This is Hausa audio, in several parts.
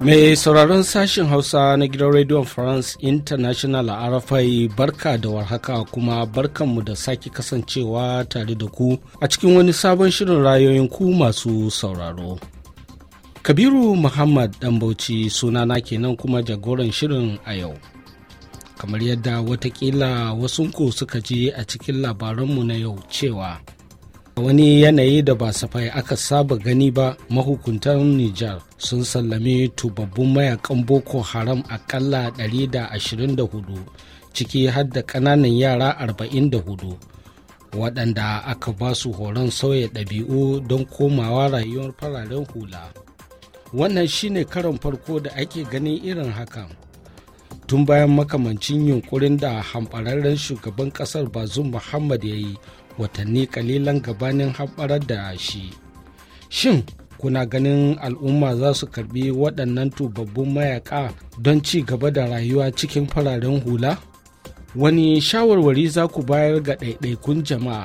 Mai sauraron sashen Hausa na gidan Radio France International a Arafai barka da warhaka kuma barkanmu da sake kasancewa tare da ku a cikin wani sabon shirin rayoyin ku masu sauraro. Kabiru Muhammad Dambauci sunana kenan kuma jagoran shirin a yau. Kamar yadda watakila wasunku suka ji a cikin labaranmu na yau cewa. A wani yanayi da ba safai aka saba gani ba mahukuntan Nijar sun sallame tubabbun mayakan Boko Haram akalla 124 ciki har da ƙananan yara 44 waɗanda aka ba su horon sauya ɗabi'u don komawa rayuwar fararen hula. Wannan shine karon farko da ake ganin irin hakan. tun bayan makamancin yunkurin da hamɓararren shugaban ƙasar bazum muhammad ya yi watanni kalilan gabanin hamɓarar da shi shin kuna ganin al'umma za su karbi waɗannan tubabbun mayaka don ci gaba da rayuwa cikin fararen hula wani shawarwari za ku bayar ga ɗaiɗaikun jama'a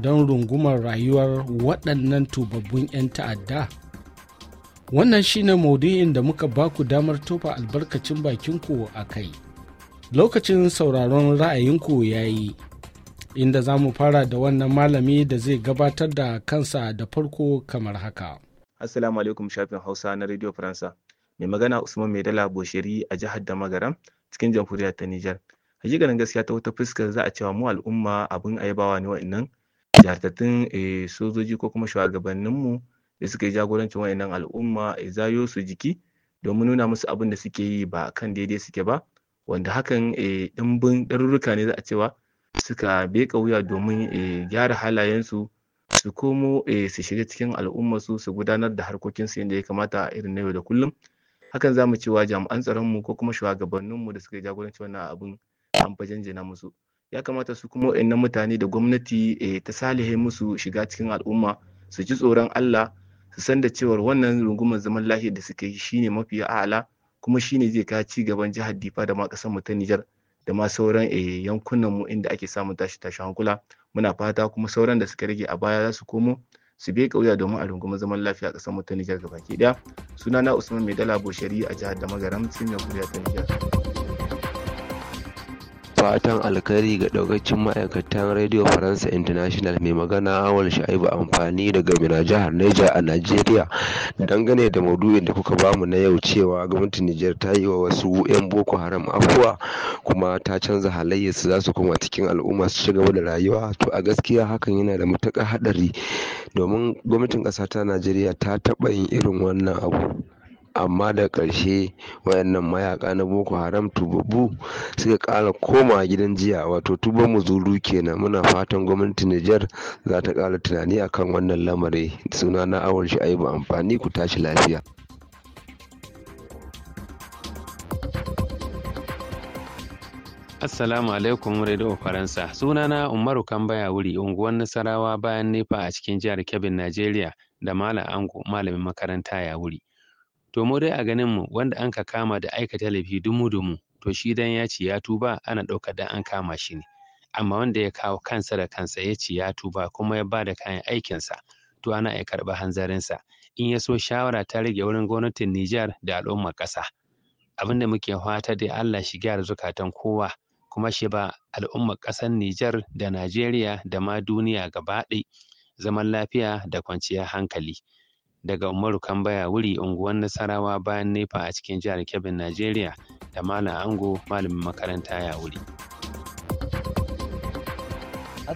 don rungumar rayuwar waɗannan tubabbun 'yan ta'adda Wannan shine maudu'in da muka baku damar tofa albarkacin bakinku a kai. Lokacin sauraron ra'ayinku ya yi, inda za mu fara da wannan malami da zai gabatar da kansa da farko kamar haka. Assalamu alaikum shafin Hausa na Radio Faransa. Mai magana Usman Maidala Bosheri a jihar Damagaram cikin jamhuriyar ta Nijar. Hakikanin gaskiya ta wata fuskar za a cewa mu al'umma abin ayabawa ne wa'annan jartattun eh, sojoji ko kuma shugabanninmu da suka yi jagorancin wayannan al'umma ya zayo su jiki domin nuna musu abin da suke yi ba kan daidai suke ba wanda hakan eh, ɗimbin ɗarurruka ne za a cewa suka beka wuya domin eh, gyara halayensu su komo eh, su shiga cikin al'ummarsu su gudanar da harkokinsu yadda ya kamata a irin na yau da kullum hakan za mu cewa jami'an tsaronmu ko kuma shugabanninmu da suka yi jagoranci wannan abin an fajanjina musu ya kamata su kuma wa'annan mutane da gwamnati ta salihe musu shiga cikin al'umma su ji tsoron Allah su san da cewar wannan rungumar zaman lafiya da suka yi shine mafi a'ala kuma shine zai kawo ci gaban jihar Difa da ma kasar mu ta Nijar da ma sauran eh, yankunan mu inda ake samun tashi tashi hankula muna fata kuma sauran da suka rage a baya za su komo su bi kauya domin a rungumar zaman lafiya a kasar mu ta Nijar gabaki daya sunana Usman Maidala Boshari a jihar Damagaram cikin ta Nijar Fatan alkhairi ga daukacin ma'aikatan Radio Faransa International mai magana Awal Sha'ibu amfani daga Mina jihar Niger a Najeriya dangane da maudu'in da kuka bamu na yau cewa gwamnatin niger ta yi wa wasu 'yan Boko Haram afuwa kuma ta canza halayyar su za su koma cikin al'umma su ci gaba da rayuwa to a gaskiya hakan yana da matuƙar haɗari domin gwamnatin ƙasa ta Najeriya ta taɓa yin irin wannan abu amma da ƙarshe wayannan mayaƙa na boko haram tubabbu suka ƙara koma gidan jiya wato tuban muzuru kenan muna fatan gwamnatin Nijar za ta ƙara tunani akan wannan lamari suna na awon shi amfani ku tashi lafiya. Assalamu alaikum Radio Faransa. Sunana Umaru Kambaya Wuri, unguwar Nasarawa bayan Nefa a cikin jihar Kebbi, Najeriya da Malam Ango, malamin makaranta ya wuri. to mu dai a ganin mu wanda an ka kama da aikata laifi dumu dumu to shi dan ya ce ya tuba ana ɗaukar dan an kama shi ne amma wanda ya kawo kansa da kansa ya ce ya tuba kuma ya bada kayan aikinsa to ana iya karɓi hanzarinsa in ya so shawara ta rage wurin gwamnatin Nijar da al'ummar ƙasa abin da muke fata dai Allah shi gyara zukatan kowa kuma shi ba al'ummar ƙasar Nijar da Najeriya da ma duniya gaba ɗaya zaman lafiya da kwanciyar hankali. daga Umaru Kambaya wuri unguwar Nasarawa bayan NEPA a cikin jihar Kebbi Najeriya da Malam Ango malamin makaranta ya wuri.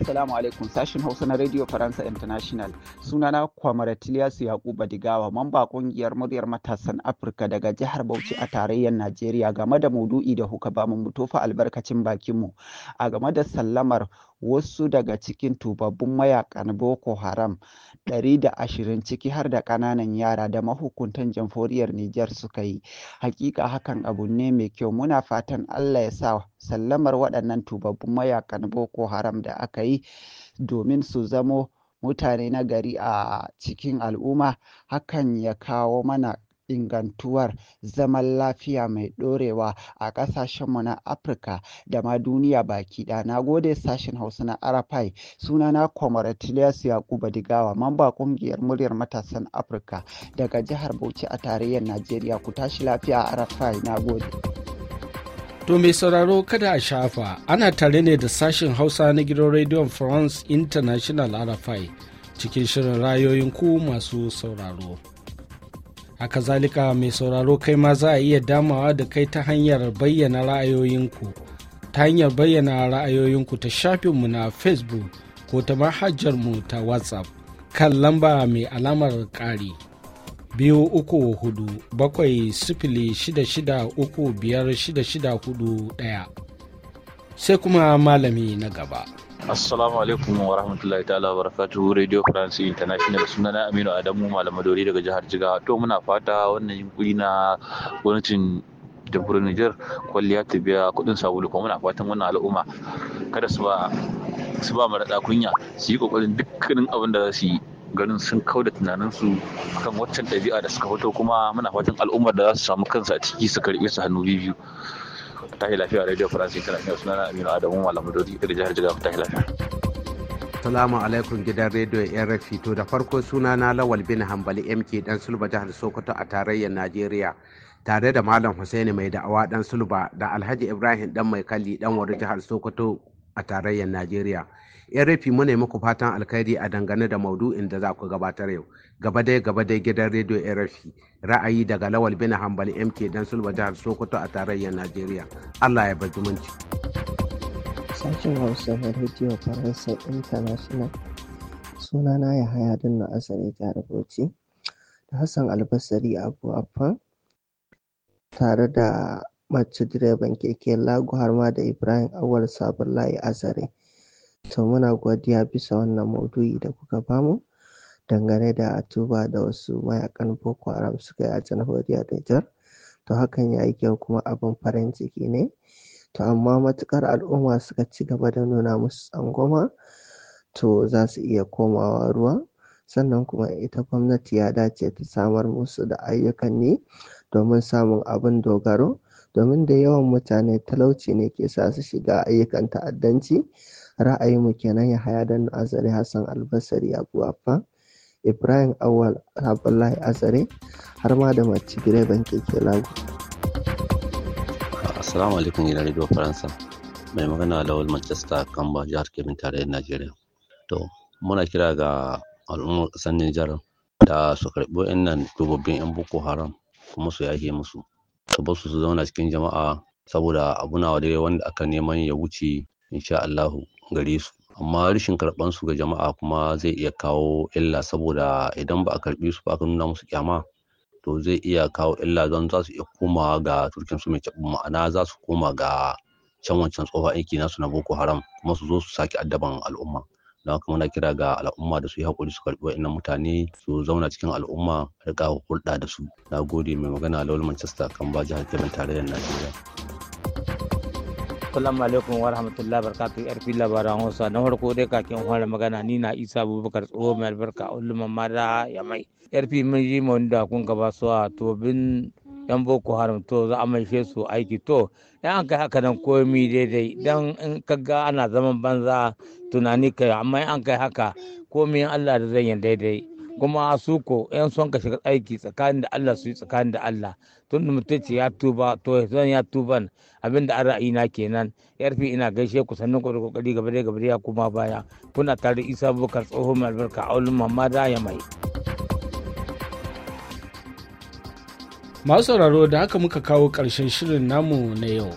Assalamu alaikum sashin Hausa na Radio Faransa International. Sunana Kwamaratiliyasu Yakuba Digawa, mamba ƙungiyar muryar matasan Afirka daga jihar Bauchi a tarayyar Najeriya game da maudu'i da huka ba mu tofa albarkacin bakinmu a game da sallamar wasu daga cikin tubabbun mayakan Boko Haram da ashirin ciki har da ƙananan yara da mahukuntan jamhuriyar Nijar suka yi. Hakika hakan abu ne mai kyau muna fatan Allah ya sa sallamar waɗannan tubabbun mayakan boko haram da aka yi domin su zamo mutane na gari a cikin al'umma hakan ya kawo mana ingantuwar zaman lafiya mai ɗorewa a ƙasashenmu na afirka da ma duniya baki ɗaya na gode sashen hausa na arafai sunana ya yakuba digawa mamba ƙungiyar muryar matasan afirka daga jihar bauchi a tarayyar najeriya ku tashi lafiya a arafai na gode To mai sauraro kada a shafa ana tare ne da sashen Hausa na gidan Radio France International RFI cikin shirin rayoyin ku masu sauraro. Haka zalika mai sauraro kai ma za a iya damawa da kai ta hanyar bayyana ra'ayoyinku ta hanyar bayyana ra'ayoyinku ta shafinmu na Facebook ko ta manhajarmu ta WhatsApp kan lamba mai alamar ƙari. biyu uku hudu bakwai sifili shida shida uku biyar shida shida hudu ɗaya sai kuma malami na gaba. Assalamu alaikum wa rahmatullahi ta'ala wa barakatuhu Radio France International sunana Aminu Adamu Malamadori daga jihar jiga to muna fata wannan yunkuri na gwamnatin jamhuriyar niger kwalliya ta biya kudin sabulu kuma muna fatan wannan al'umma kada su ba su ba kunya su yi kokarin dukkanin abin da za su yi ganin sun kauda tunaninsu kan waccan ɗabi'a da suka fito kuma muna fatan al'ummar da za su samu kansu a ciki su karɓe su hannu biyu tahi lafiya radio france international sunana aminu adamu malamadori da jihar jigawa tahi lafiya salamu alaikum gidan radio RFI to da farko suna na Lawal bin Hambali MK dan Sulba jihar Sokoto a tarayyar Najeriya tare da Malam Hussaini mai da'awa dan Sulba da Alhaji Ibrahim ɗan mai kalli dan wari jihar Sokoto a tarayyar Najeriya. Yan rafi muna muku fatan alkhairi a dangane da maudu'in da za ku gabatar yau. Gaba dai gaba dai gidan rediyo yan rafi ra'ayi daga Lawal Bina Hambali MK dan Sulba jihar Sokoto a tarayyar Najeriya. Allah ya baji zumunci. Sashen Hausa na rediyo Faransa International sunana ya haya na asali tare rubuci da Hassan Albasari Abu Affan tare da mace direban keke Lago harma da Ibrahim Awal Sabon Layi a Zare. To muna godiya bisa wannan maudu'i da kuka bamu dangane da tuba da wasu mayakan Boko Haram suka yi a jamhuriyar Nijar. To hakan ya yi kyau kuma abin farin ciki ne. To amma matukar al'umma suka ci gaba da nuna musu tsangwama to za su iya komawa ruwa. Sannan kuma ita gwamnati ya dace ta samar musu da ayyukan yi domin samun abin dogaro domin da yawan mutane talauci ne ke sa su shiga ayyukan ta'addanci ra'ayinmu kenan ya haya dan azare hassan albasari abu afa ibrahim awal abdullahi azare har ma da mace direban keke lagu assalamu alaikum gidan radio faransa mai magana wal manchester kamba jihar kebin da najeriya to muna kira ga al'ummar kasar nijar da su karɓi wa'annan dubobin 'yan boko haram kuma su yake musu su basu su zauna cikin jama'a saboda abu na dai wanda aka neman ya wuce insha Allahu gare su amma rashin karɓan su ga jama'a kuma zai iya kawo illa saboda idan ba a karɓi su ba aka nuna musu kyama to zai iya kawo illa don za su iya komawa ga turkin su mai ma'ana za su koma ga can wancan tsohon aiki nasu na boko haram kuma su zo su sake addaban al'umma don haka muna kira ga al'umma da su yi haƙuri su karɓi wa'annan mutane su zauna cikin al'umma rika hulɗa da su na gode mai magana lawal manchester kan ba jihar kebin tarayyar najeriya Assalamu alaikum wa rahmatullahi barkatu yarfi labaran Hausa na farko dai kakin fara magana ni na Isa Abubakar tsoho mai albarka ulumar mada ya mai yarfi mun yi mun da kun gaba a tobin yan boko haram to za a maishe su aiki to yan an kai haka nan komi daidai dan in ga ana zaman banza tunani kai amma an kai haka komi Allah da zai daidai kuma su ko yan son ka shiga aiki tsakanin da Allah su yi tsakanin da Allah tun da mutum ce ya tuba to zan ya tuban abinda an ra'ayi na kenan yarfi ina gaishe ku sannan ku da kokari gaba da ya kuma baya kuna tare Isa Bukar tsohon albarka a mamma da ya mai. masu sauraro da haka muka kawo ƙarshen shirin namu na yau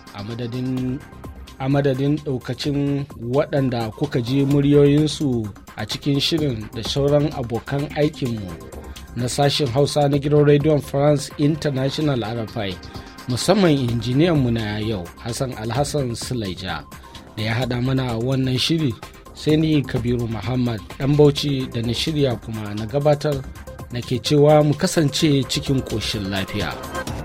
a madadin ɗaukacin waɗanda kuka ji muryoyinsu a cikin shirin da sauran abokan aikinmu na sashen hausa na gidan rediyon france international rfi musamman injiniyanmu na yau hassan alhassan sulaija da ya haɗa mana wannan shiri sai ni kabiru muhammad ɗan bauchi da na shirya kuma na gabatar nake cewa mu kasance cikin ƙoshin lafiya.